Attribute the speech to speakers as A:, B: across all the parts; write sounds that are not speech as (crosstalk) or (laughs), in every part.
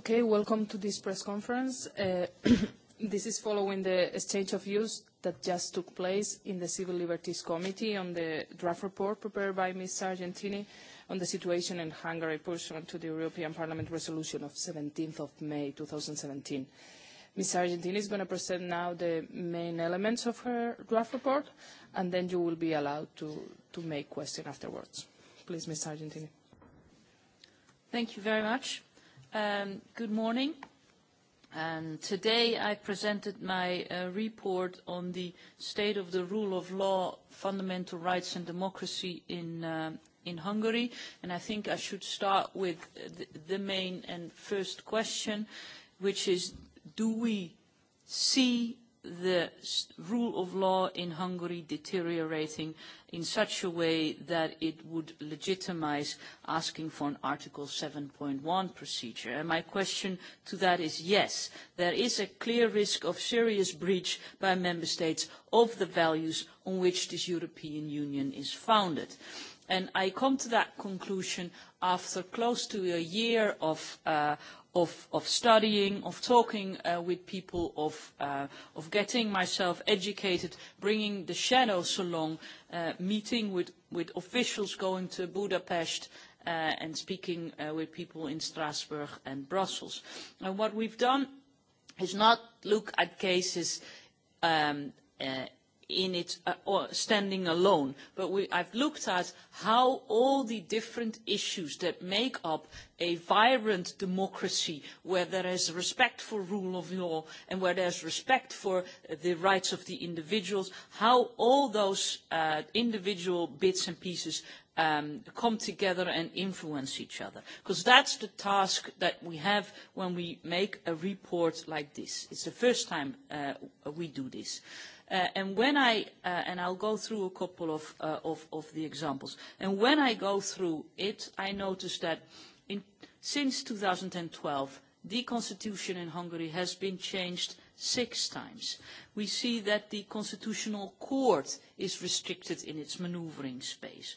A: Okay, welcome to this press conference. Uh, (coughs) this is following the exchange of views that just took place in the Civil Liberties Committee on the draft report prepared by Ms. Sargentini on the situation in Hungary pursuant to the European Parliament resolution of 17th of May 2017. Ms. Sargentini is going to present now the main elements of her draft report, and then you will be allowed to, to make questions afterwards. Please, Ms. Sargentini.
B: Thank you very much. Um, good morning. And um, today I presented my uh, report on the state of the rule of law, fundamental rights and democracy in, uh, in Hungary. And I think I should start with the main and first question, which is do we see the rule of law in Hungary deteriorating in such a way that it would legitimize asking for an Article 7.1 procedure. And my question to that is yes, there is a clear risk of serious breach by Member States of the values on which this European Union is founded. And I come to that conclusion after close to a year of, uh, of, of studying, of talking uh, with people, of, uh, of getting myself educated, bringing the shadows along, uh, meeting with, with officials, going to Budapest, uh, and speaking uh, with people in Strasbourg and Brussels. And what we've done is not look at cases um, uh, in it uh, or standing alone, but we, I've looked at how all the different issues that make up a vibrant democracy where there is respect for rule of law and where there is respect for the rights of the individuals, how all those uh, individual bits and pieces um, come together and influence each other. Because that's the task that we have when we make a report like this. It's the first time uh, we do this. Uh, and when I, uh, and I'll go through a couple of, uh, of, of the examples, and when I go through it, I notice that in, since 2012, the constitution in Hungary has been changed six times. We see that the constitutional court is restricted in its maneuvering space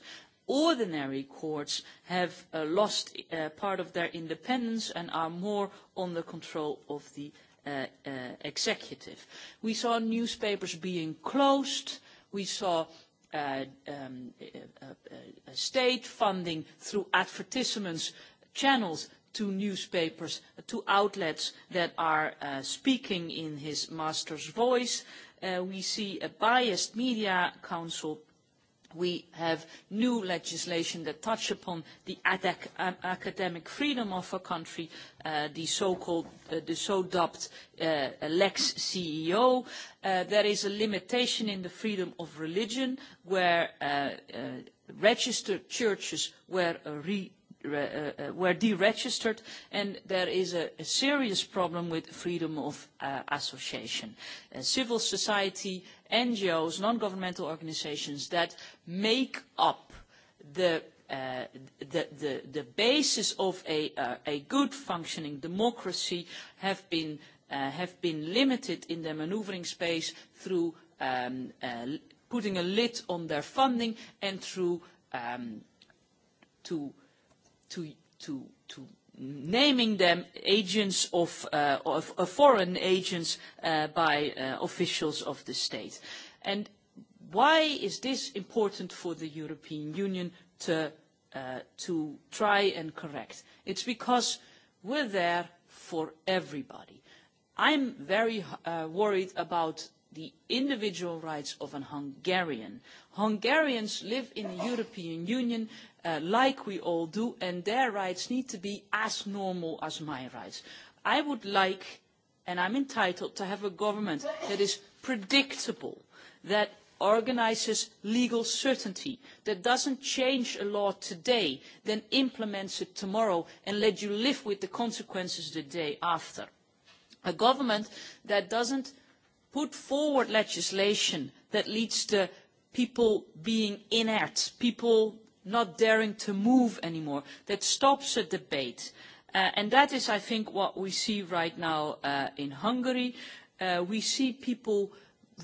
B: ordinary courts have uh, lost uh, part of their independence and are more on the control of the uh, uh, executive. We saw newspapers being closed. We saw uh, um, uh, uh, uh, state funding through advertisements channels to newspapers, to outlets that are uh, speaking in his master's voice. Uh, we see a biased media council we have new legislation that touch upon the academic freedom of a country, uh, the so-called, uh, the so-dubbed uh, Lex CEO. Uh, there is a limitation in the freedom of religion where uh, uh, registered churches were uh, re Uh, uh, were deregistered and there is a, a serious problem with freedom of uh, association. Uh, civil society, NGOs, non-governmental organizations that make up the Uh, the, the, the basis of a, uh, a good functioning democracy have been, uh, have been limited in their maneuvering space through um, uh, putting a lid on their funding and through um, to to, to, to naming them agents of, uh, of uh, foreign agents uh, by uh, officials of the state. And why is this important for the European Union to, uh, to try and correct? It's because we're there for everybody. I'm very uh, worried about the individual rights of a Hungarian. Hungarians live in the European Union uh, like we all do, and their rights need to be as normal as my rights. I would like, and I'm entitled, to have a government that is predictable, that organises legal certainty, that doesn't change a law today, then implements it tomorrow, and let you live with the consequences the day after. A government that doesn't put forward legislation that leads to people being inert, people not daring to move anymore, that stops a debate. Uh, and that is, I think, what we see right now uh, in Hungary. Uh, we see people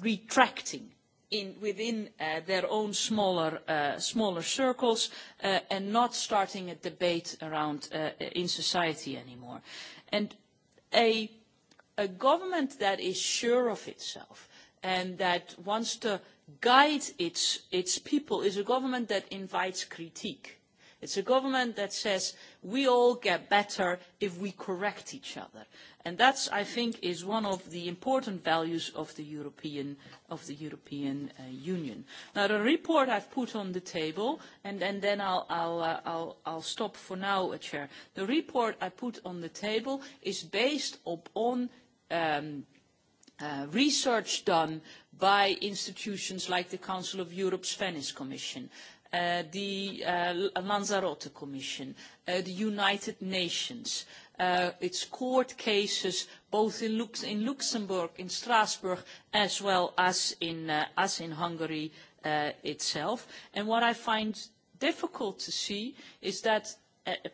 B: retracting in, within uh, their own smaller, uh, smaller circles uh, and not starting a debate around uh, in society anymore. And a a government that is sure of itself and that wants to guide its, its people is a government that invites critique. It's a government that says we all get better if we correct each other. And that, I think, is one of the important values of the European, of the European uh, Union. Now, the report I've put on the table, and, and then I'll, I'll, uh, I'll, I'll stop for now, uh, Chair. The report I put on the table is based upon um, uh, research done by institutions like the Council of Europe's Venice Commission, uh, the uh, Lanzarote Commission, uh, the United Nations, uh, its court cases both in, Lux in Luxembourg, in Strasbourg, as well as in, uh, as in Hungary uh, itself. And what I find difficult to see is that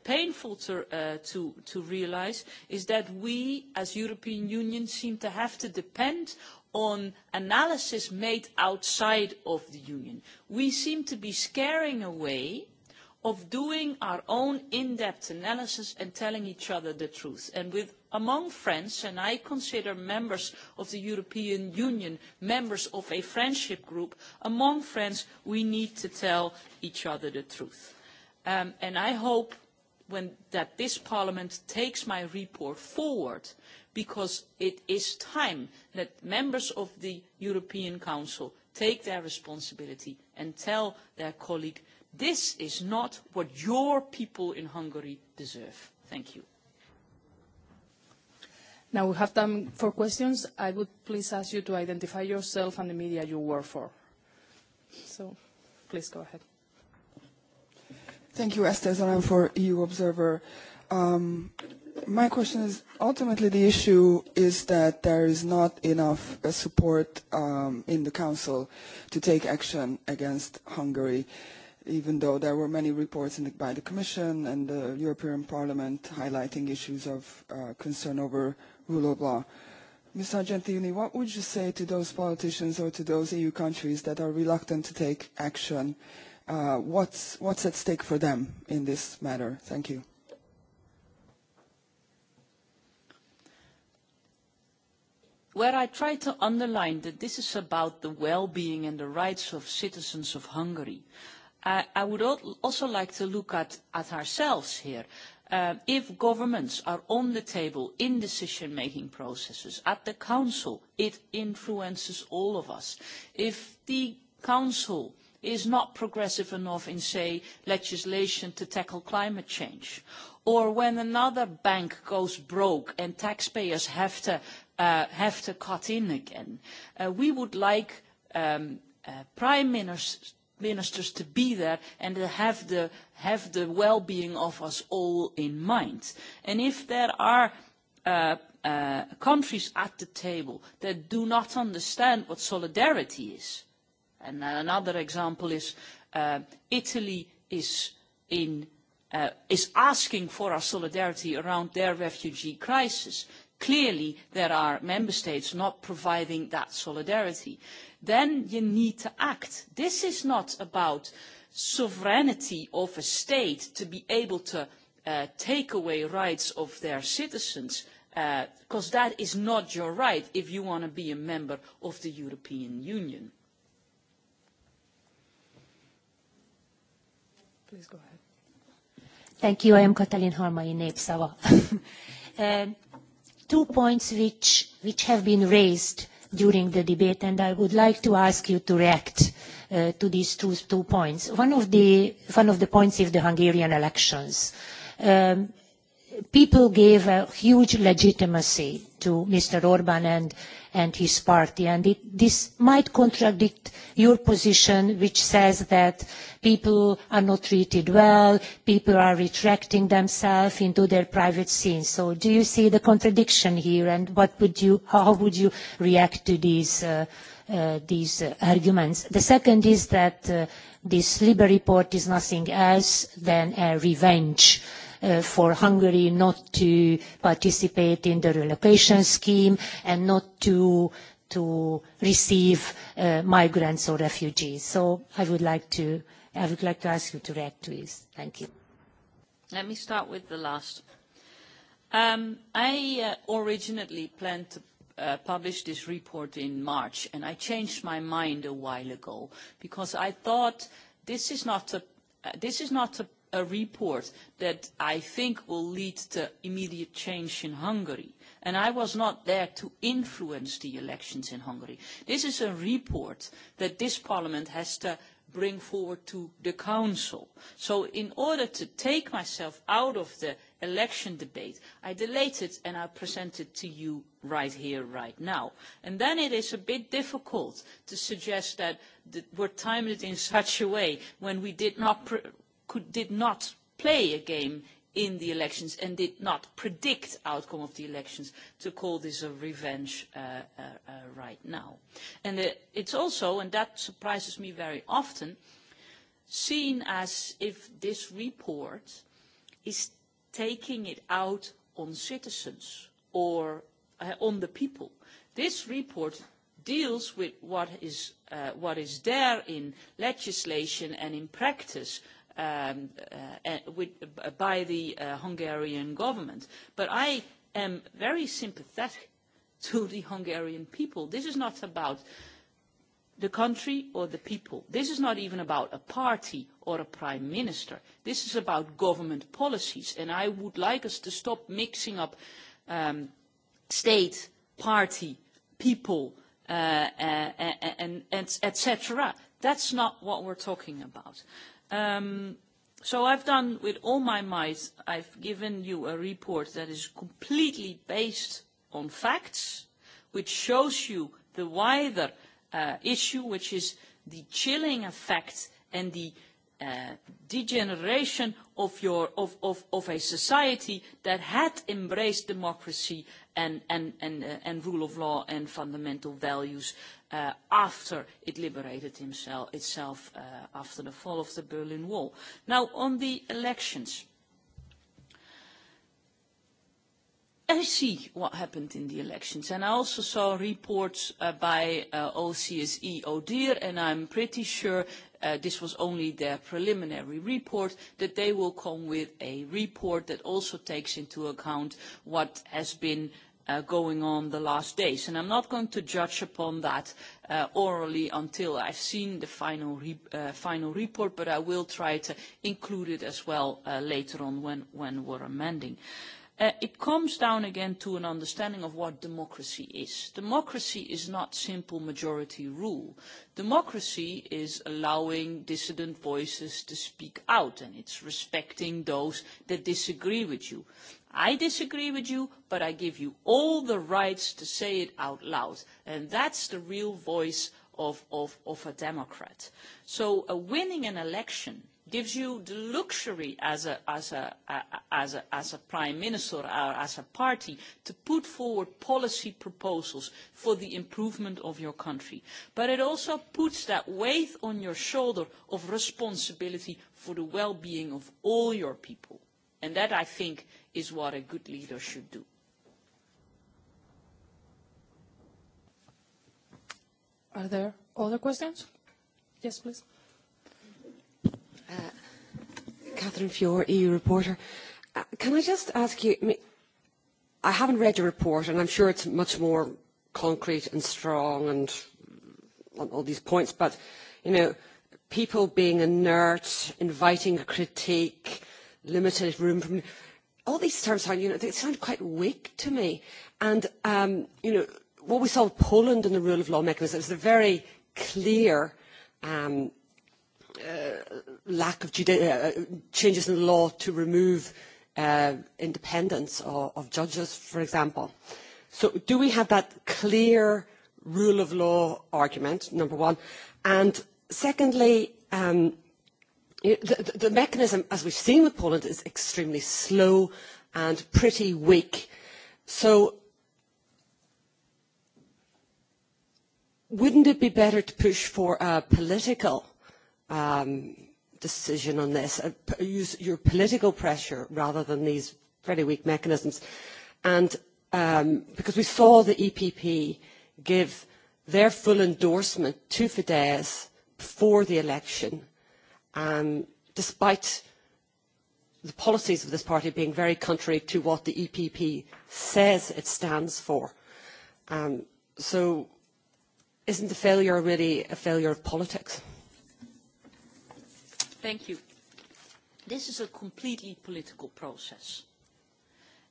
B: painful to, uh, to, to realize is that we as European Union seem to have to depend on analysis made outside of the Union. We seem to be scaring away of doing our own in-depth analysis and telling each other the truth. And with among friends, and I consider members of the European Union members of a friendship group, among friends we need to tell each other the truth. Um, and I hope when, that this Parliament takes my report forward because it is time that members of the European Council take their responsibility and tell their colleague this is not what your people in Hungary deserve. Thank you.
A: Now we have time for questions. I would please ask you to identify yourself and the media you work for. So please go ahead.
C: Thank you, Esther Zalem, for EU Observer. Um, my question is, ultimately the issue is that there is not enough uh, support um, in the Council to take action against Hungary, even though there were many reports in the, by the Commission and the European Parliament highlighting issues of uh, concern over rule of law. Ms. Argentini, what would you say to those politicians or to those EU countries that are reluctant to take action uh, what's, what's at stake for them in this matter? Thank you.
B: Where I try to underline that this is about the well-being and the rights of citizens of Hungary, I I would also like to look at, at ourselves here. Uh, if governments are on the table in decision-making processes at the Council, it influences all of us. If the Council is not progressive enough in, say, legislation to tackle climate change. Or when another bank goes broke and taxpayers have to, uh, have to cut in again. Uh, we would like um, uh, prime ministers ministers to be there and to have the, have the well-being of us all in mind. And if there are uh, uh, countries at the table that do not understand what solidarity is, another example is uh, Italy is, in, uh, is asking for our solidarity around their refugee crisis. Clearly, there are member states not providing that solidarity. Then you need to act. This is not about sovereignty of a state to be able to uh, take away rights of their citizens because uh, that is not your right if you want to be a member of the European Union.
D: Please go ahead. Thank you. I am Katalin Harmai, in sawa um, (laughs) two points which, which have been raised during the debate, and I would like to ask you to react uh, to these two, two points. One of, the, one of the points is the Hungarian elections. Um, people gave a huge legitimacy to Mr. Orban and, and his party. And it, this might contradict your position, which says that people are not treated well, people are retracting themselves into their private scenes. So do you see the contradiction here, and what would you, how would you react to these, uh, uh, these uh, arguments? The second is that uh, this Libre report is nothing else than a revenge uh, for Hungary not to participate in the relocation scheme and not to to receive uh, migrants or refugees. So I would like to I would like to ask you to react to this. Thank you.
B: Let me start with the last. Um, I uh, originally planned to uh, publish this report in March, and I changed my mind a while ago because I thought this is not a uh, this is not a a report that I think will lead to immediate change in Hungary. And I was not there to influence the elections in Hungary. This is a report that this parliament has to bring forward to the council. So in order to take myself out of the election debate, I delayed it and I present it to you right here, right now. And then it is a bit difficult to suggest that, that we're timed it in such a way when we did not pr could, did not play a game in the elections and did not predict outcome of the elections to call this a revenge uh, uh, uh, right now. And uh, it's also, and that surprises me very often, seen as if this report is taking it out on citizens or uh, on the people. This report deals with what is, uh, what is there in legislation and in practice um, uh, uh, with, uh, by the uh, Hungarian government. But I am very sympathetic to the Hungarian people. This is not about the country or the people. This is not even about a party or a prime minister. This is about government policies. And I would like us to stop mixing up um, state, party, people, uh, uh, uh and, and, and etc. That's not what we're talking about. Um, so I've done with all my might, I've given you a report that is completely based on facts, which shows you the wider uh, issue, which is the chilling effect and the a uh, degeneration of, your, of, of, of a society that had embraced democracy and, and, and, uh, and rule of law and fundamental values uh, after it liberated himself, itself uh, after the fall of the Berlin Wall. Now, on the elections. I see what happened in the elections, and I also saw reports uh, by uh, OCSE ODIR, and I'm pretty sure uh, this was only their preliminary report, that they will come with a report that also takes into account what has been uh, going on the last days. And I'm not going to judge upon that uh, orally until I've seen the final, re uh, final report, but I will try to include it as well uh, later on when, when we're amending. Uh, Uh, it comes down again to an understanding of what democracy is. Democracy is not simple majority rule. Democracy is allowing dissident voices to speak out and it's respecting those that disagree with you. I disagree with you, but I give you all the rights to say it out loud. And that's the real voice of, of, of a democrat. So uh, winning an election gives you the luxury as a, as a, as a, as a prime minister or as a party to put forward policy proposals for the improvement of your country. But it also puts that weight on your shoulder of responsibility for the well-being of all your people. And that, I think, is what a good leader should do.
A: Are there other questions? Yes, please.
C: Uh, Catherine Fior, EU reporter. Uh, can I just ask you, I, mean, I haven't read your report and I'm sure it's much more concrete and strong and on all these points, but, you know, people being inert, inviting a critique, limited room from all these terms sound, you know, they sound quite weak to me. And, um, you know, what we saw with Poland and the rule of law mechanism is a very clear um, lack of uh, uh, changes in the law to remove uh, independence of, of judges, for example. So do we have that clear rule of law argument, number one? And secondly, um, the, the mechanism, as we've seen with Poland, is extremely slow and pretty weak. So wouldn't it be better to push for a political um, decision on this. Uh, use your political pressure rather than these very weak mechanisms. And um, because we saw the EPP give their full endorsement to Fidesz before the election, um, despite the policies of this party being very contrary to what the EPP says it stands for. Um, so isn't the failure really a failure of politics?
B: Thank you. This is a completely political process.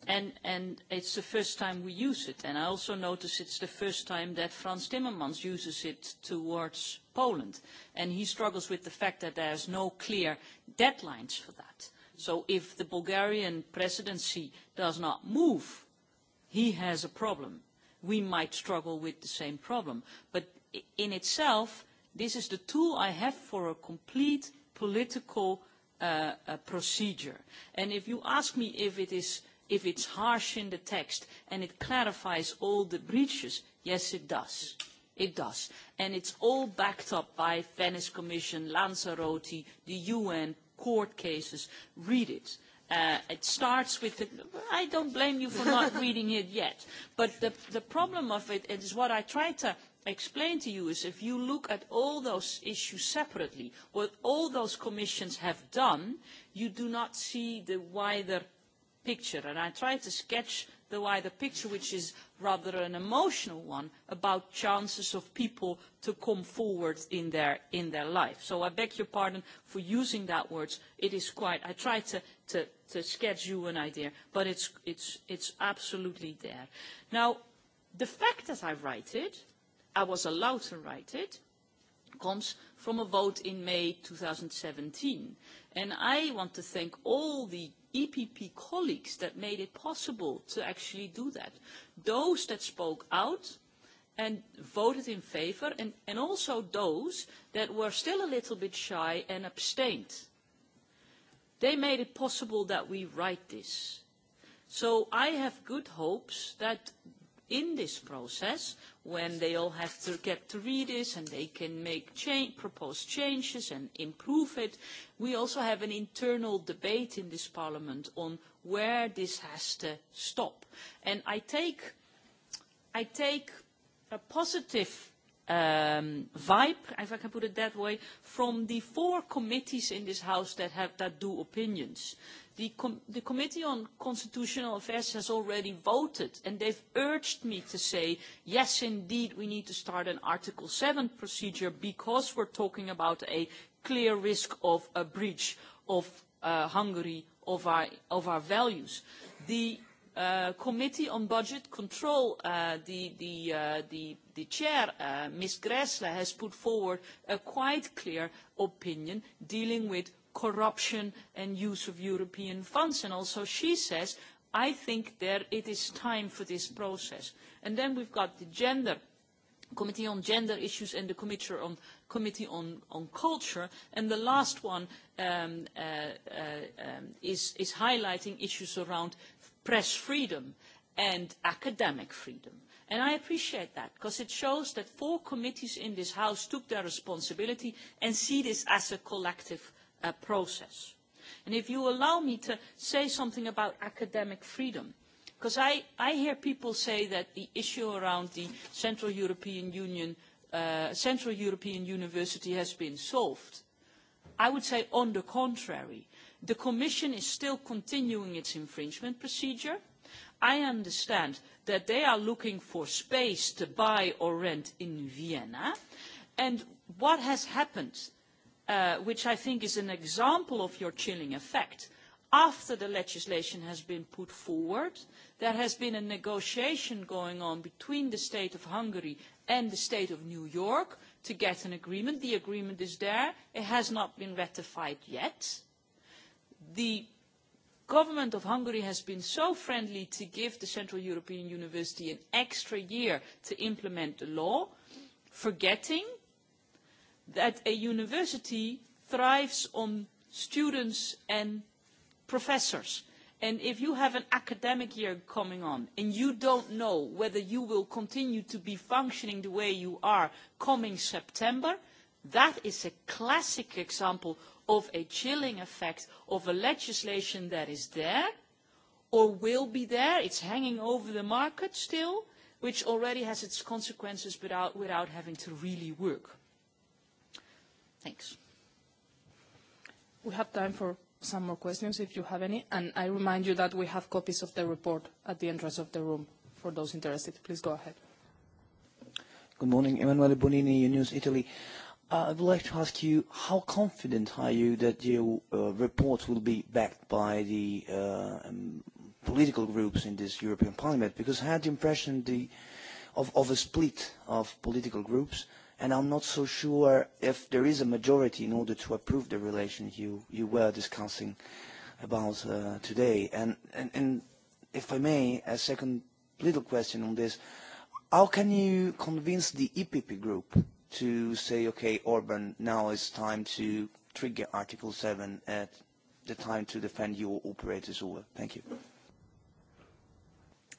B: And, and it's the first time we use it. And I also notice it's the first time that Frans Timmermans uses it towards Poland. And he struggles with the fact that there's no clear deadlines for that. So if the Bulgarian presidency does not move, he has a problem. We might struggle with the same problem. But in itself, this is the tool I have for a complete political uh, uh, procedure. And if you ask me if it is if it's harsh in the text and it clarifies all the breaches, yes, it does. It does. And it's all backed up by Venice Commission, Lanzarote, the UN, court cases. Read it. Uh, it starts with, the, I don't blame you for not reading it yet, but the, the problem of it, it is what I try to explain to you is if you look at all those issues separately, what all those commissions have done, you do not see the wider picture. And I try to sketch the wider picture, which is rather an emotional one, about chances of people to come forward in their, in their life. So I beg your pardon for using that word. It is quite, I try to, to, to sketch you an idea, but it's, it's, it's absolutely there. Now, the fact that I write it, I was allowed to write it, comes from a vote in May 2017. And I want to thank all the EPP colleagues that made it possible to actually do that. Those that spoke out and voted in favour, and, and also those that were still a little bit shy and abstained. They made it possible that we write this. So I have good hopes that in this process when they all have to get to read this and they can make change, propose changes and improve it. We also have an internal debate in this parliament on where this has to stop. And I take, I take a positive um, vibe, if I can put it that way, from the four committees in this House that, have, that do opinions. The, com the Committee on Constitutional Affairs has already voted, and they've urged me to say, yes, indeed, we need to start an Article 7 procedure because we're talking about a clear risk of a breach of uh, Hungary of our, of our values. The uh, Committee on Budget Control, uh, the, the, uh, the, the chair, uh, Ms. Gressler, has put forward a quite clear opinion dealing with corruption and use of European funds. And also she says, I think that it is time for this process. And then we've got the gender Committee on Gender Issues and the Committee on, Committee on, on Culture. And the last one um, uh, uh, um, is, is highlighting issues around press freedom and academic freedom. And I appreciate that because it shows that four committees in this House took their responsibility and see this as a collective uh, process. And if you allow me to say something about academic freedom, because I, I hear people say that the issue around the Central European Union, uh, Central European University has been solved. I would say on the contrary. The Commission is still continuing its infringement procedure. I understand that they are looking for space to buy or rent in Vienna. And what has happened Uh, which I think is an example of your chilling effect. After the legislation has been put forward, there has been a negotiation going on between the state of Hungary and the state of New York to get an agreement. The agreement is there. It has not been ratified yet. The government of Hungary has been so friendly to give the Central European University an extra year to implement the law, forgetting that a university thrives on students and professors. And if you have an academic year coming on and you don't know whether you will continue to be functioning the way you are coming September, that is a classic example of a chilling effect of a legislation that is there or will be there. It's hanging over the market still, which already has its consequences without, without having to really work. Thanks.
A: We have time for some more questions if you have any. And I remind you that we have copies of the report at the entrance of the room for those interested. Please go ahead. Good morning. Emanuele Bonini, News Italy. Uh, I would like to ask you, how
B: confident are you that your uh, report will be backed by the uh, um, political groups in this European Parliament? Because I had the impression the, of, of a split of political groups – and I'm not so sure if there is a majority in order to approve the relation you, you were discussing about uh, today. And, and, and if I may, a second little question on this. How can you convince the EPP group to say, okay, Orban, now it's time to trigger Article 7 at the time to defend your operators' over? Thank you.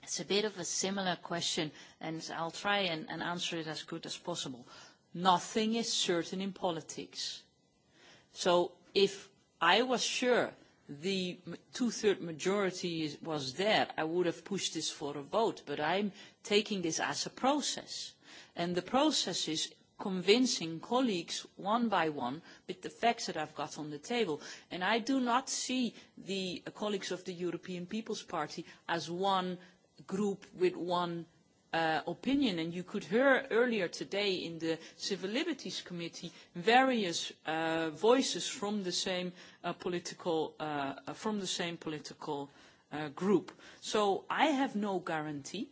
B: It's a bit of a similar question, and I'll try and, and answer it as good as possible. Nothing is certain in politics. So if I was sure the two-third majority was there, I would have pushed this for a vote, but I'm taking this as a process. And the process is convincing colleagues one by one with the facts that I've got on the table. And I do not see the uh, colleagues of the European People's Party as one group with one uh, opinion. And you could hear earlier today in the Civil Liberties Committee various uh, voices from the same uh, political, uh, uh, from the same political uh, group. So I have no guarantee.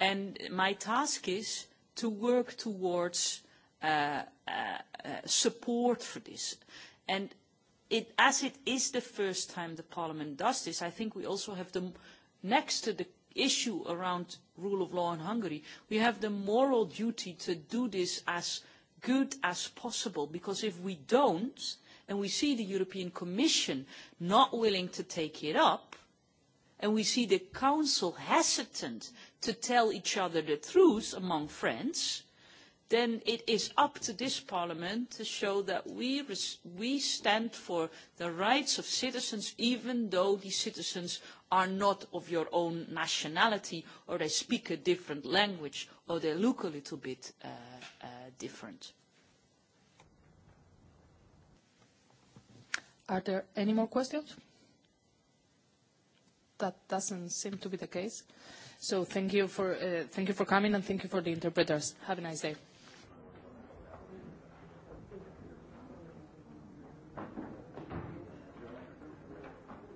B: And my task is to work towards uh, uh, uh, support for this. And it, as it is the first time the Parliament does this, I think we also have the, next to the issue around rule of law in Hungary, we have the moral duty to do this as good as possible, because if we don't, and we see the European Commission not willing to take it up, and we see the Council hesitant to tell each other the truth among friends, then it is up to this Parliament to show that we, res we stand for the rights of citizens, even though these citizens are not of your own nationality or they speak a different language or they look a little bit uh, uh, different.
A: Are there any more questions? That doesn't seem to be the case. So thank you for, uh, thank you for coming and thank you for the interpreters. Have a nice day.